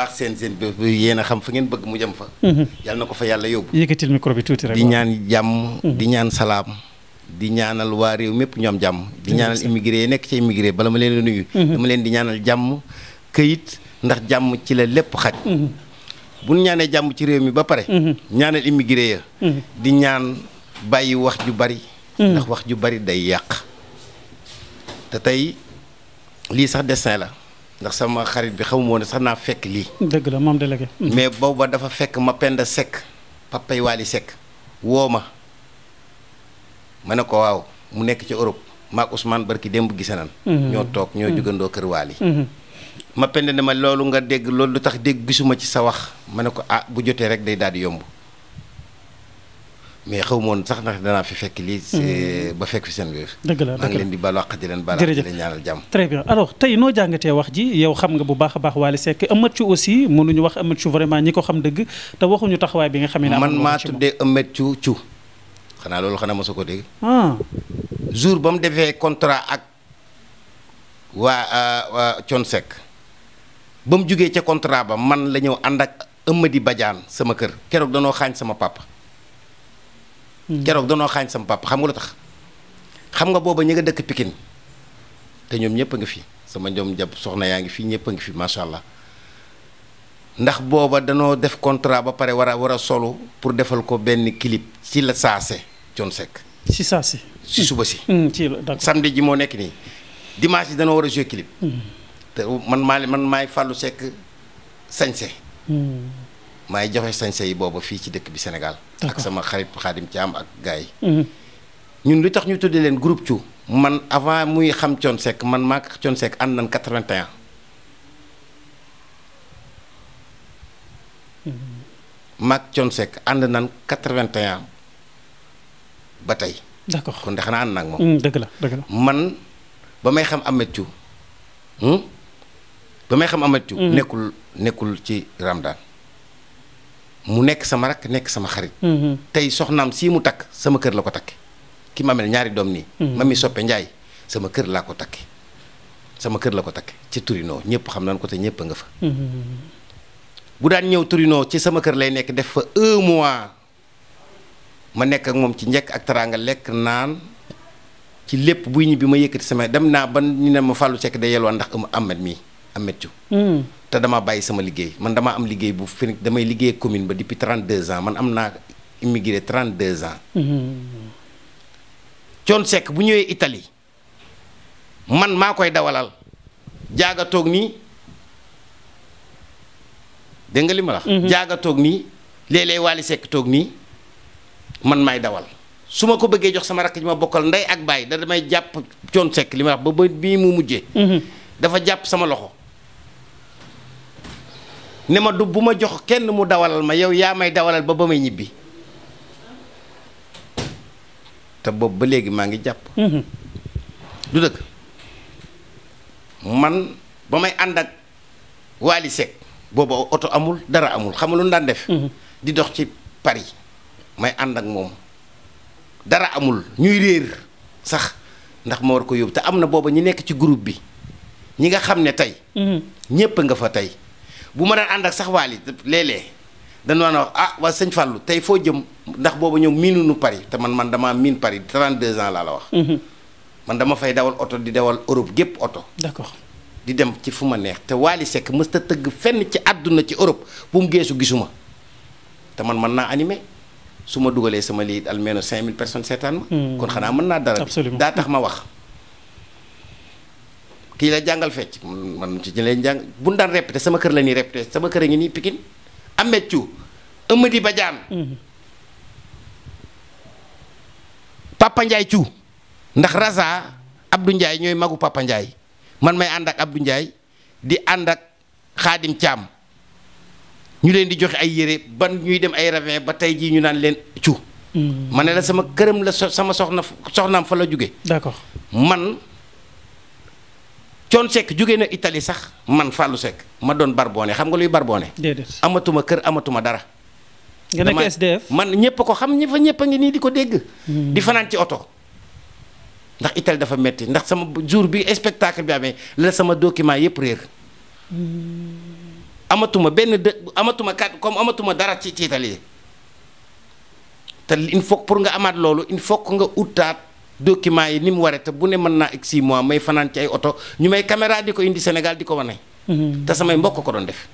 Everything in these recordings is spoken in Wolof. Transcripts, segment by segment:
baax seen yéen xam fa ngeen bëgg mu jëm fa. Mhm. na ko fa yàlla yóbbu. yëkkatil micro bi tuuti rek di ñaan jàmm. Mhm. di ñaan salaam. di ñaanal waa réew mépp ñoom jàmm. di ñaanal nekk ci immigré bala ma leen di nuyu. Mhm. leen di ñaanal jàmm këyit ndax jàmm ci la lépp xaj. bu ñaanee jàmm ci réew mi ba pare. ñaanal immigré ya. di ñaan bàyyi wax ju bari. ndax wax ju bari day yàq. te tey lii sax destin la. ndax sama xarit bi xamuma woon sax naa fekk lii. dëgg la moom délégué. mais booba dafa fekk ma penda sekk papay waali sekk woo ma ma ne ko waaw mu nekk ci Europe maak Ousmane barki démb gise nan mhm. ñoo toog ñoo mhm. jugandoo kër waali mhm. ma pend ne ma loolu nga dégg loolu lu tax dégg gisuma ci sa wax ma ne ko ah bu jotee rek day daal di yomb mais xaw moon sax ndax danaa fi fekk lii. Hmm. ba fekk fi seen biir. dëgg la maa ngi leen di baal di leen baal. jërëjëf di leen ñaanal jàmm. très bien tey noo jàngatee wax ji yow xam nga bu baax a baax Wally sekk Eumeu Thiou aussi mënuñu wax Eumeu Thiou vraiment ko xam dëgg te waxuñu taxawaay bi nga xam man maa tuddee Eumeu Thiou xanaa loolu xanaa mosoo ko dégg. Ah. jour ba mu defee contrat ak waa euh, waa Thione ba mu jógee ca contrat ba man la ñëw ànd ak Eumeudy Badiane sama kër keroog danoo xaañ sama papa. Hmm. keroog danoo xaañ sama papa xam nga lu tax xam nga booba ñi nga dëkk Pikine te ñoom ñëpp a ngi fi sama ñoom jàpp soxna yaa ngi fi ñëpp a ngi fi macha allah ndax booba danoo def contrat ba pare war a war a solu pour defal ko benn kilip ci la saase Thione Seck. si saase. si suba si. Hmm, ci ji moo nekk nii dimanche ji danoo war a jouer clip. Hmm. man maa man maay Fallou Seck sañse maay joxe sañse yi booba fii ci dëkk bi Sénégal. ak sama xarit Xaadim Thiam ak gars yi. Mhm. ñun li tax ñu tuddee leen groupe Thiou. man avant muy xam Thione Seck man maa ko Thione ànd nañ 81. maak Thione Seck ànd nañ 81 mhm. ba tey. d' accord kon de xanaa ànd naa ak moom. Mhm, dëgg la dëgg la man ba may xam Ameth Thiou. Hmm? ba may xam Ameth Thiou. nekkul nekkul ci Ramadaan. mu nekk sama rakk nekk sama xarit. Mm-hmm. tey soxnaam sii mu takk sama kër la ko takk ki ma mel ñaari doom nii. Mm-hmm. mami soppe Njaay sama kër laa ko takke sama kër la ko takk ci Torino ñëpp xam nañ ko te ñëpp nga fa. Mm-hmm. bu daan ñëw Torino ci sama kër lay nekk def fa un ma nekk ak moom ci njekk ak taraa nga lekk naan. ci lépp buy ñibbi ma yëkkati sama dem naa ban ñu ne ma Fallou sekk day yelwaan ndax am Ahmed mii Ahmed Thiou. Mm. te dama bàyyi sama liggéey man dama am liggéey bu fi damay liggéey commune ba depuis 32 ans man am naa immigré 32 ans. Thione sekk bu ñëwee itali man maa koy dawalal jaaga toog nii dégg nga li ma la mhm. toog nii léeg-léeg Wally man maay dawal. su ma ko bëggee jox sama rakk ji ma bokkal ndey ak baay da damay jàpp Thione sekk li ba ba bii mu mujjee. Mhm. dafa jàpp sama loxo. ne ma du bu ma jox kenn mu dawalal ma yow yaa may dawalal ba ba may ñibbi te boobu ba léegi maa ngi jàpp mhm. du dëgg man ba may ànd ak Waly Seck oto amul dara amul xam lu daan def mhm. di dox ci par yi may ànd ak moom dara amul ñuy réer sax ndax ma war ko yóbbu te am na booba ñi nekk ci groupe bi ñi nga xam ne tey mhm. ñépp nga fa tey bu ma daan ànd ak sax waali léeg-léeg dañu daan wax ah waa sëñ Fallou tey foo jëm ndax boobu ñoom nu Paris te man man damaa miin Paris 32 ans laa la wax. Mhm. man dama fay dawal oto di dawal Europe gépp oto. d'accord di dem ci fu ma neex te Waly Seck mës ta tëgg fenn ci àdduna ci Europe bu mu geesu gisuma te man mën naa animé su ma dugalee sama lii almeno 5000 personnes seetaan ma. Hmm. kon xanaa mën naa dara. daa tax ma wax. kii la jàngal fecc man ci ñu leen jàng bu ñu daan répété sama kër la ñuy répété sama kër a ngi nii Pikine Ahmed Thiou Amady Badiane Papa Ndiaye Thiou ndax Raza Abdou Ndiaye ñooy magu Papa man may ànd ak Abdou Ndiaye di ànd ak Xaadim Thiam ñu leen di joxe ay yére ban ñuy dem ay ravin ba tey jii ñu naan leen Thiou mm. ma ne la sama këram la sama soxna soxnaam fa la jóge man coon sekk jóge na Italie sax man Fallou Seck ma doon barboné xam nga luy barboné. amatuma kër amatuma dara. nga nekk SDF man ñëpp ko xam ñi fa ñëpp a ngi nii di ko dégg. Hmm. di fanaan ci oto. ndax Italie dafa metti ndax sama jour bi spectacle bi amee la sama document yëpp réer. Hmm. amatuma benn dë amatuma kat comme amatuma dara ci ci Italie te il faut pour nga amaat loolu il faut nga utaat. document yi ni mu waree te bu ne mën naa ak 6 mois may fanaan ci ay oto ñu may caméra di ko indi Sénégal di ko wane. Mhm. te samay mbokk ko doon def.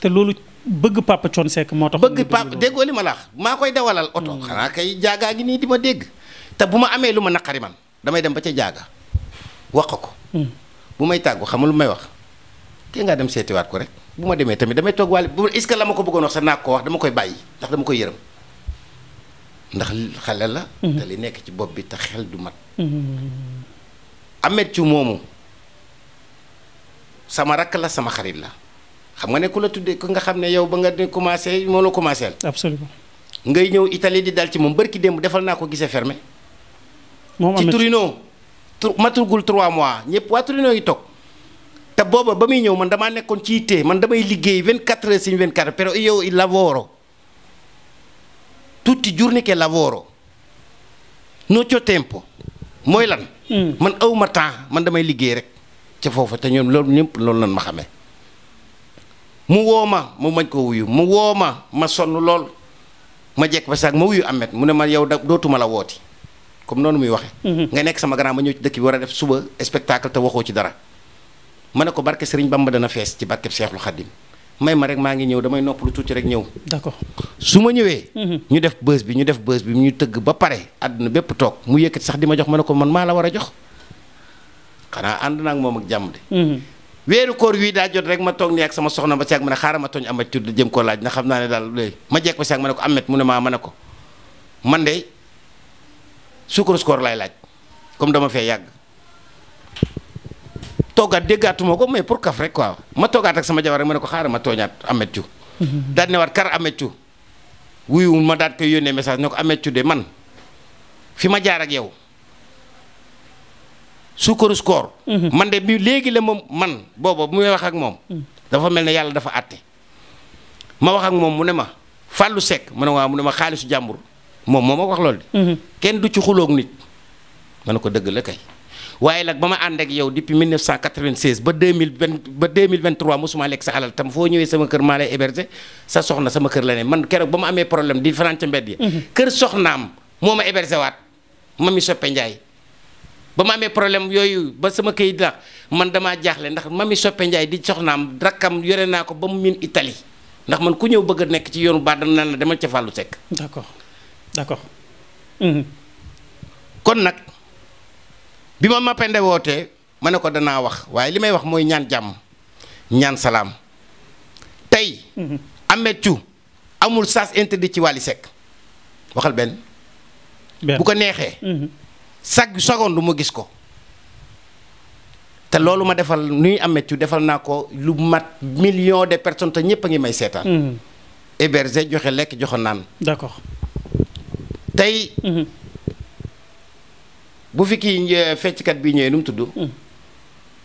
te loolu bëgg Papa Thione Seck moo tax. bëgg Papa ma laax maa koy dawalal oto. Mhm. xanaa kay jaagaa ngi nii di ma dégg. te bu ma amee lu ma naqari man damay dem ba ca jaaga wax ko. Mhm. bu may tàggu xam lu may wax. kee ngaa dem seetiwaat ko rek bu ma demee tamit damay toog wàll bu est la ma ko bëggoon wax sax naa ko wax dama koy bàyyi ndax dama koy yërëm. ndax xale la mhm. te li nekk ci bopp bi te xel du mat mhm. amet ci moomu sama rakk la sama xarit la xam nga ne ku la tuddee ku nga xam ne yow ba nga ne commencé moo la commencé la ngay ñëw itali di dal ci moom bërki démb defal naa ko gisee fermé moom ci Torino matugul trois mois ñëpp waa Torino yi toog te booba ba muy ñëw man damaa nekkoon ci yitte man damay liggéey vingt quatre heures sur vingt quatre it la lavoro tutti journée ke lavoro noo co tempo mooy lan hmm. man awma temps man damay liggéey rek ca foofu te ñoom loolu ñëpp loolu lan ma xame mu woo ma mu mañ ko wuyu mu woo ma ma sonn lool ma jekk ba saag ma wuyu amet mu ne ma yow da dootuma la wooti comme noonu muy waxe hmm. nga nekk sama grand ma ñëw ci dëkk bi war a def suba spectacle te waxoo ci dara ma ne ko barke Sëriñ Bamba dana fees ci barkeb Seexul Xaddim may ma rek maa ngi ñëw damay nopp lu tuuti rek ñëw. d'accord su ma ñëwee. Mhm. ñu def bës bi ñu def bës bi ñu tëgg ba pare àdduna bépp toog mu yëkkati sax di ma jox ma ne ko man maa la war a jox xanaa ànd naa ak moom ak jàmm de. Mhm. weeru koor wii daa jot rek ma toog nii ak sama soxna ba si ak ma ne xaaral ma tooñ amat tudd jëm koo laaj na xam naa ne daal léegi ma jekk ba si ak ma ne ko amet mu ne maa ma ne ko man de sukkurus koor laay laaj comme dama fee yàgg. toogaat déggaatuma ko may pour kaf rek quoi ma toogaat ak sama jabar rek ma ne ko xaaral ma tooñaat Ameth Thiou mhm. daal ne waat kar Ameth wuyu ma daat koy yónnee message ne ko Ameth Thiou de man fi ma jaar ak su suukaru koor mhm. man de bi léegi la ma man booba bu may wax ak moom mhm. dafa mel ne yàlla dafa àtte ma wax ak moom mu ne ma fàllu sekk ma ne waaw mu ne ma xaalisu jàmbur moom moo ma wax loolu de kenn du ci xulóog nit ma ne ko dëgg la kay waaye nag ba ma ànd ak yow depuis 1996 ba 2020 ba 2023 mosuma lekk sa alal tam foo ñëwee sama kër maa lay héberger sa soxna sama kër la ne man keroog ba ma amee problème di fanaan ca mbedd yi mhm. kër soxnaam moo ma héberger waat ma mi soppe Njaay ba ma amee problème yooyu ba sama këyit ndax man damaa jaaxle ndax mami soppe Njaay di soxnaam rakkam yore naa ko ba mu miin Italie ndax man ku ñëw bëgg a nekk ci yoonu baax dana la demal ca Fallou Seck. d'accord d'accord. Mhm. kon nag. bi ma Mapende wootee ma ne ko danaa wax waaye li may wax mooy ñaan jàmm ñaan salaam tey. Mhm. Ameth Thiou amul sens interdit ci Wally Seck waxal benn. bu ko neexee. chaque mhm. seconde mu gis ko. te loolu ma defal nuy am Thiou defal naa ko lu mat million de personnes te ñëpp a ngi may seetaan. Mhm. héberger joxe lekk joxe naan. d'accord tey. bu fi kii fecckat bi ñëwee nu mu tudd. Hmm.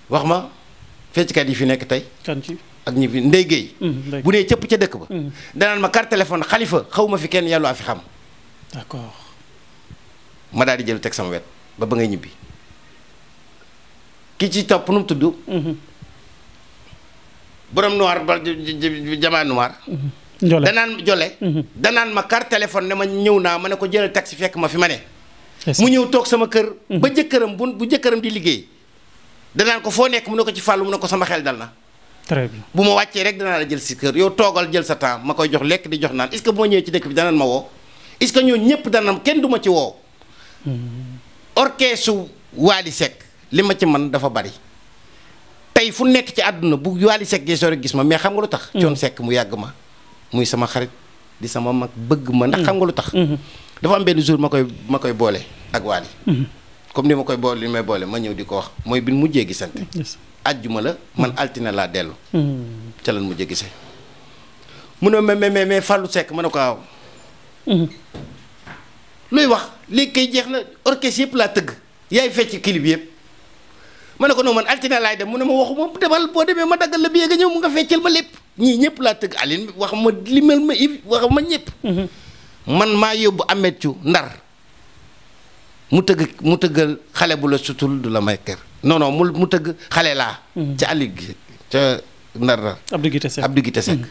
wax ma fecckat yi fi nekk tey. ak ñibbi fi hmm, Ndeye bu dee cëpp ca dëkk ba. Hmm. danaan ma carte téléphone xalifa xaw ma fi kenn yàlla a fi xam. d'accord. ma daal di jël teg sama wet ba ba nga ñibbi ki ci topp nu mu tudd. borom noir ba jamaa noir. danaan jole danaan ma carte téléphone ne ma ñëw naa ma ne ko jëlal taxi fekk ma fi ma ne. mu ñëw toog sama kër. Mhm. ba jëkkëram bu bu jëkkëram di liggéey. danaan ko foo nekk mu ne ko ci fàllu mu ne ko sama xel dal na. très bien bu ma wàccee rek danaa la jël si kër yow toogal jël sa temps ma koy jox lekk di jox naan est que bu ma ñëwee ci dëkk bi danan ma woo. est-ce que ñoo ñëpp danam kenn du ci woo. Mhm. orchestre Waly Seck li ma ci man dafa bari. tey fu nekk ci àdduna bu Waly Seck gee sore gis ma mais xam nga lu tax. coon mhm. sekk mu yàgg ma muy sama xarit. di sama mag bëgg ma ndax mm-hmm. xam nga lu tax. Mm-hmm. dafa am benn jour ma koy ma koy boole ak Wally. Mm-hmm. comme ni ma koy boole li may boole ma ñëw di ko wax mooy bi mujjee gisante. ajjuma la man altine laa dellu. ca lan mujjee gisee. mu ne mais mais mais Fallou Seck ma ne ko waaw. luy wax léegi jeex na orchestre yëpp laa tëgg. yaay fecc clip yëpp. ma ne ko non man altine laay dem mu ne ma waxuma demal boo demee ma daggal la bi a ñëw mu nga feccal ma lépp. ñii ñëpp laa tëgg alin wax ma limal ma Yves wax ma ñëpp. man maa yóbbu amethu ndar mu tëgg mu tëgg xale bu la sutul du la may kër non mu mu tëgg xale laa. Mm-hmm. ca Aliou gi ca ndar ndar. Abdou Guité Seck Abdou mm-hmm.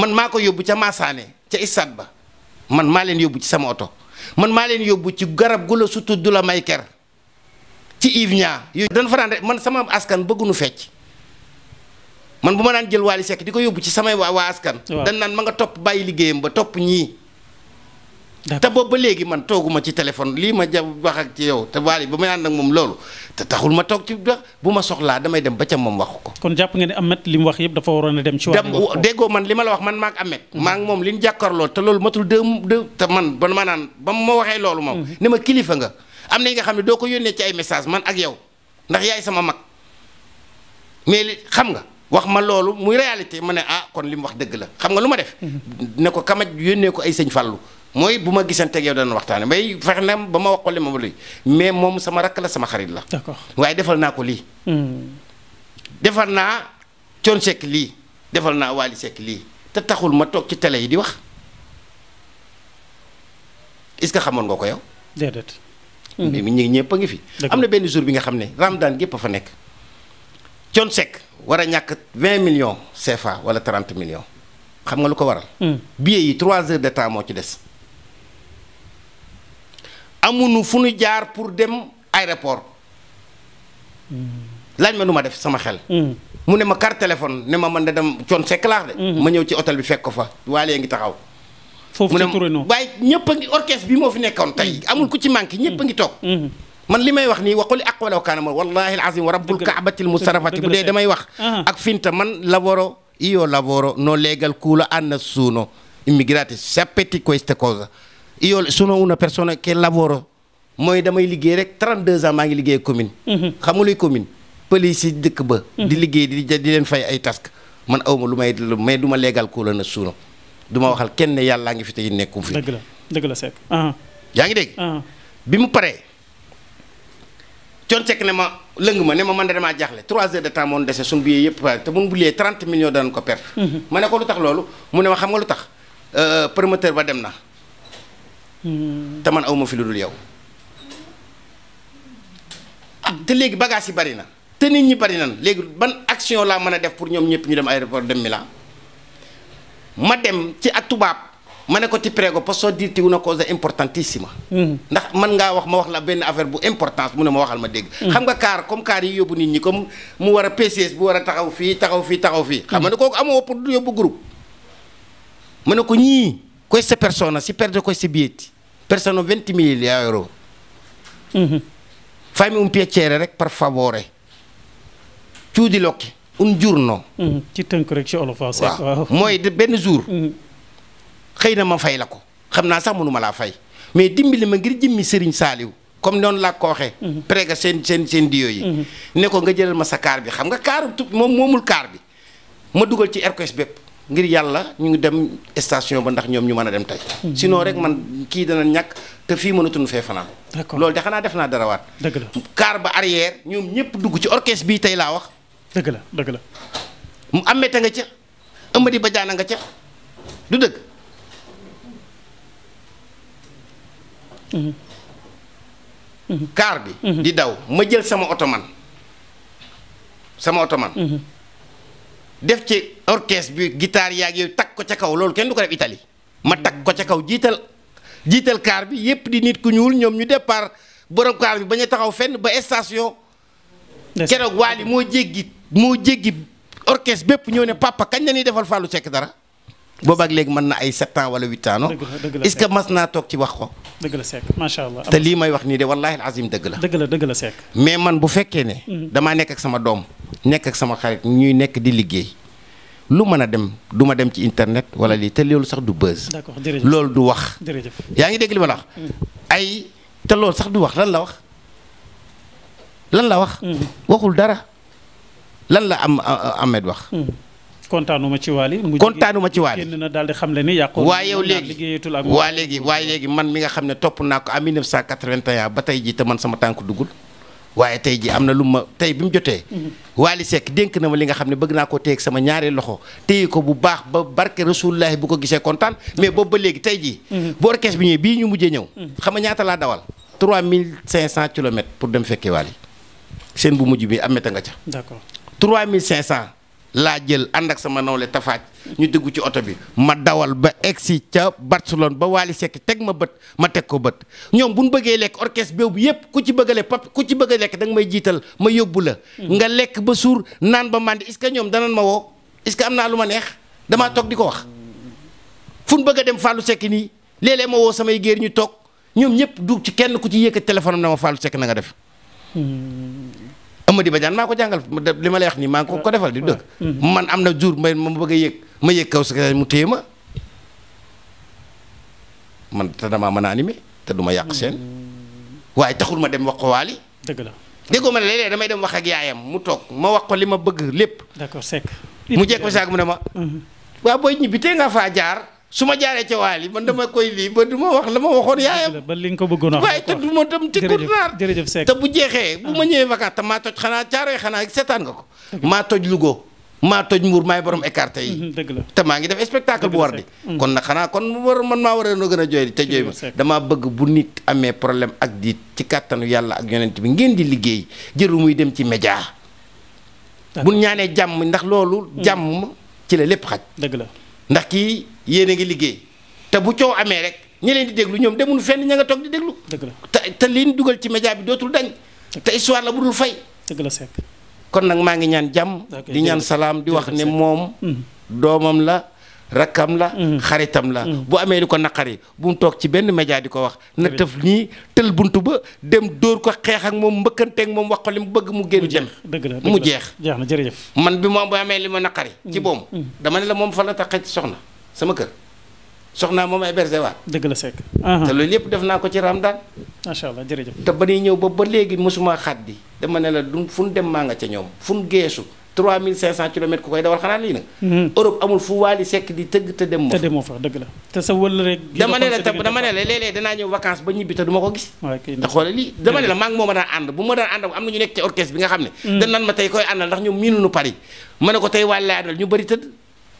man maa ko yóbbu ca Massané ca Issat ba man maa leen yóbbu ci sama oto man maa leen yóbbu ci garab gu la sutul du la may kër ci Yves yooyu dañ fa daan rek man sama askan bëgguñu fecc. man bu ma naan jël Wally Seck di ko yóbbu ci samay waa waa askan. dañ naan ma nga topp bàyyi liggéeyam ba topp ñii. te boobu ba léegi man tooguma ci téléphone lii ma ja wax ak ci yow te Wally ba ma ànd ak moom loolu te taxul ma toog ci bu ma soxlaa damay dem ba ca moom wax ko. kon jàpp nga ne Ameth li mu wax yëpp dafa waroon a dem. ci wàllu déggoo man li ma la wax man maag maa maag moom li ñu jàkkaarloo te loolu matul deux deux te man ba ma naan ba ma waxee loolu moom. Mhm. ne ma kilifa nga am yi nga xam ne doo ko yónnee ci ay message man ak yow ndax yaay sama mag mais xam nga wax ma loolu muy réalité ma ne ah kon li mu wax dëgg la xam nga lu ma def. Mm-hmm. ne ko kamaj yónnee ko ay sëñ Fallou mooy bu ma gisanteeg yow dana waxtaane may fexe na ba ma wax ko ma ma bëri mais moom sama rakk la sama xarit la. d'accord waaye defal naa ko lii. Mm. defal naa Thione Seck lii defal naa Wally Seck lii te taxul ma toog ci tele yi di wax est-ce que xamoon nga ko yow. déedéet. mais mm-hmm. ñi ñëpp a ngi fi. am na benn jour bi nga xam ne Ramadan gépp a fa nekk. Thione Seck war a ñàkk 20 millions CFA wala 30 millions xam nga lu ko waral. Hmm. billet yi 3 heures de temps moo ci des. amuñu fu nu jaar pour dem aéroport hmm. laaj ma nu ma def sama xel. Hmm. mu ne ma carte téléphone ne ma man da dem Thione Seck laax de. ma ñëw ci otel bi fekk ko fa waaye léegi taxaw. foofu ci Touré waaye ñëpp a ngi orchestre bi moo fi nekkoon tey amul ku ci manqué ñëpp a ngi toog. man li may wax nii waquli aqwalaw kaana ma wallahi alazim wa rabbul kaabatil musarafati bu dee damay wax ak finta man lavoro io lavoro no legal cuula annassuno immigrati sapete queste cose su sono una persona che lavoro mooy damay liggéey rek 32 ans maa ngi liggéey commune mhm. xamuluy commune pëlis yi dëkk ba mhm. di liggéey di di leen fay ay task man awma lu may mais du ma legal kuula na suuna du ma waxal kenn yàllaa ngi fi tey nekkum fi bi mu paree Thione Seck ne ma lëng ma ne ma man de damaa jaaxle 3 heures de temps moon dese suñu billet yëpp te mun bu liyee 30 millions danañ ko perte. Mhm. ma ne ko lu tax loolu mu ne ma xam nga lu tax euh, promoteur ba dem na. Hmm. te man awma fi lu dul yow. ah te léegi bagage yi bari na te nit ñi bari nan léegi ban action laa mën a def pour ñoom ñëpp ñu dem aéroport dem Milan ma dem ci ak tubaab. ma ne ko ti prego posso dirti una cosa importantissima hmm. ndax man ngaa wax ma wax la benn affaire bu importance mu ne ma waxal ma dégg hmm. xam nga kaar comme kaar yi yóbbu nit ñi comme mu war a PCS bu war a taxaw fii taxaw fii taxaw fii xam nga ne hmm. kooku amoo pour du yóbbu groupe ma ne ko ñii questa persona si perde questi biglietti persona venti mila euro fammi un piacere rek par favore ciudi lokki un giorno ci tënk rek ci olof waaw mooy benn jour xëy na ma fay la ko xam naa sax mënuma laa fay mais dimbali ma ngir jëmmi Serigne Saliou comme noonu laa ko waxee. Mhm. préga seen seen seen diyo yi. Mhm. ne ko nga jëlal ma sa kaar bi xam nga kaaru moom moomul kaar bi ma dugal ci RTS bépp ngir yàlla ñu ngi dem station ba ndax ñoom ñu mën a dem tey. Mhm. sinon rek man kii dana ñàkk te fii mënatuñu fee fanaan. d'accord loolu de xanaa def naa dara waat. dëgg la kaar ba arrière ñoom ñëpp dugg ci orchestre bii tey laa wax. dëgg la dëgg la. mu nga ca ba jaana nga ca dëgg. kaar bi di daw ma jël sama oto man sama oto man def ci orchestre bi guitare yaag yooyu takk ko ca kaw loolu kenn du ko def Italie ma takk ko ca kaw jiital jiital kaar bi yépp di nit ku ñuul ñoom ñu départ borom kaar bi ba ñu taxaw fenn ba station waal yi moo jéggi moo jéggi orchestre bépp ñëw ne papa kañ la ñuy defal Fallou Seck dara boobaak léegi mën na ay sept ans wala huit ans non est-ce que mas naa toog ci wax ko dëgg la Seck macha allah te lii may wax nii de wallaahi azim dëgg la dëgg la dëgg la Seck mais man bu fekkee ne mm. damaa nekk ak sama doom nekk ak sama xarit ñuy nekk di liggéey lu mën a dem du ma dem ci internet wala lii te loolu sax du buzz d'accord jërëjëf loolu du wax jërëjëf yaa ngi dégg li ma la mm. ay te loolu sax du wax lan la wax lan la wax mm. waxul dara lan la am Ahmed wax kontaanuma ci waali. kontaanuma ci waali génn na daal di xamle ni yàqu. waa yow léegi waa léegi waa léegi man mi nga xam ne topp naa ko en 1981 ba tey jii te man sama tànk duggul waaye tey jii am na lu ma tey bi mu jotee. Mhm. waali Seck dénk na ma li nga xam ne bëgg naa koo téye ak sama ñaari loxo téye ko bu baax ba barke Rasulullahi bu ko gisee kontaan mhm. mais boobu ba léegi tey ji mhm. bu orchestre bi ñëwee bii ñu mujjee ñëw. xama ñaata laa dawal. cent kilomètres pour dem fekkee Waly seen bu mujj bi ameta nga ca. d'accord 3500. laa jël ànd ak sama nawle tafaaj ñu dugg ci oto bi ma dawal ba egsi ca Barcelone ba Waly Seck teg ma bët ma teg ko bët ñoom bu ñu bëggee lekk orchestre boobu yépp ku ci bëgg a lekk pap ku ci bëgg a lekk may jiital ma yóbbu la hmm. nga lekk ba suur naan ba màndi est-ce que ñoom danañ ma woo est am naa lu ma neex damaa toog di ko wax fu ñu bëgg a dem Fallou Seck nii léeg ma woo samay géer ñu toog ñoom ñëpp du ci kenn ku ci yëkkat téléphone na ma Fallou Seck na nga def hmm. Amady Badiane maa ko jàngal li ma lay wax nii maa ngi ko ko defal di dëgg. Mm-hmm. man am na jour mbay ma bëgg a yëg ma yëg kaw si mu téye ma man te damaa mën a animé te duma ma yàq seen mm-hmm. waaye taxul ma dem wax ko waali. dëgg la déggoo ma ne léeg damay dem wax ak yaayam mu toog ma wax ko li ma bëgg lépp. d'accord Seck mu jekk ba saag mu ne ma. Mm-hmm. waa booy ñibbi tee nga faa jaar. su ma jaaree ca waali man dama koy lii ba du ma wax la ma waxoon yaayam. ba ko bëggoon wax waaye te du ma dem ci kurnaar jërëjëf Seck te bu jeexee bu ma ah. ñëwee vacance maa toj xanaa caaree xanaa seetaan nga ko. maa toj Louga maa toj Mbour maay borom écarté yi. la te maa ngi def spectacle bu war di. Mm. kon na xanaa kon war man maa war a gën a jooy te jooy ma damaa bëgg bu nit amee problème ak diit ci kàttanu yàlla ak yonent bi ngeen di liggéey jëru muy dem ci média. bu ñaanee jàmm ndax loolu. Mm. jàmm ci la lépp xaj. dëgg la yéen a ngi liggéey te bu coow amee rek ñi leen di déglu ñoom demuñu fenn ña nga toog di déglu. dëgg te te liñ dugal ci média bi dootul dañ. te histoire la bu dul fay. dëgg la kon nag maa ngi ñaan jàmm. di ñaan salaam di wax ne moom. Mm-hmm. doomam la. rakkam la mm-hmm. xaritam la mm-hmm. bu amee lu ko naqari bu mu toog ci benn média di ko wax na tëf nii tël buntu ba dem dóor ko xeex ak moom mbëkkanteeg moom wax ko li mu bëgg mu génn dem mu jeex jeex jërëjëf man bi moom bu amee li ma naqari ci boom dama ne la moom fa la tax soxna sama kër soxnaa moom ay berger waat. dëgg la Seck. te loolu yëpp def naa ko ci Ramadan. macha allah jërëjëf. te ba ñuy ñëw ba ba léegi mosuma xaddi dama ne la du fu nu maa nga ca ñoom fu nu geesu 3500 kilomètres ku mhm. di tëgg te dem. te demoo fa dëgg dama ne la te dama ne ba du ma ko gis. waaw kay daan ànd bu ma daan ànd am na ñu nekk ci orchestre bi nga xam ne. Mhm. dañ ma tey koy àndal ndax ñoom miinuñu Paris. ma ne ko tey Wally lay àndal ñu bëri tëdd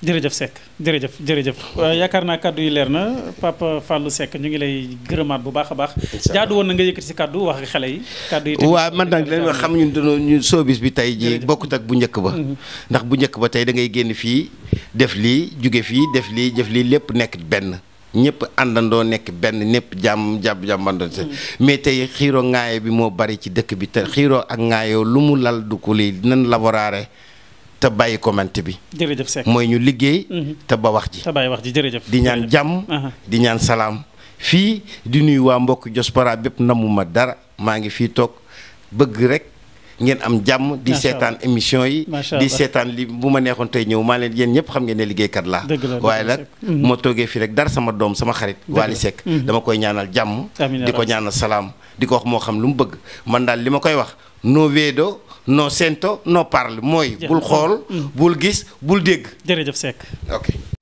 jërëjëf sekk jërëjëf jërëjëf euh, yaakaar naa kàddu yi leer na Papa Fallou sekk ñu ngi lay gërëmaat bu baax a baax. jaadu woon na nga yëkkati si kàddu wax ak xale yi. kàddu yi waaw man nag leen wax xam ñun dañoo bi tey jii bokkut ak bu njëkk ba. Mm-hmm. ndax bu njëkk ba tey da ngay génn fii def lii jóge fii def lii jëf lii lépp nekk benn. ñëpp àndandoo nekk benn ñëpp jàmm jàmm jàmbandoo mm-hmm. mais tey xiiroo ŋaayo bi moo bari ci dëkk bi te xiiroo ak ŋaayoo lu mu lal du ko lii dinañ laboraare te bàyyi commenté bi. jërëjëf Seck mooy ñu liggéey. Mhm. te ba wax ji te bàyyi wax ji jërëjëf. di ñaan jàmm. di ñaan salaam. fii di nuyu waa mbokk jos diaspora bépp namuma dara maa ngi fii toog bëgg rek ngeen am jàmm. di seetaan émission yi. di seetaan lii bu ma neexoon tey ñëw maa leen yéen ñëpp xam ngeen ne liggéeykat laa. waaye nag mhm. moo toogee fii rek dara sama doom sama xarit. Waly Seck mhm. dama koy ñaanal jàmm. di ko ñaanal salaam. di ko wax moo xam lu mu bëgg man daal li ma koy wax no wéedo no sento no parle mooy bul xool mm. bul gis bul dégg jërëjëf Seck ok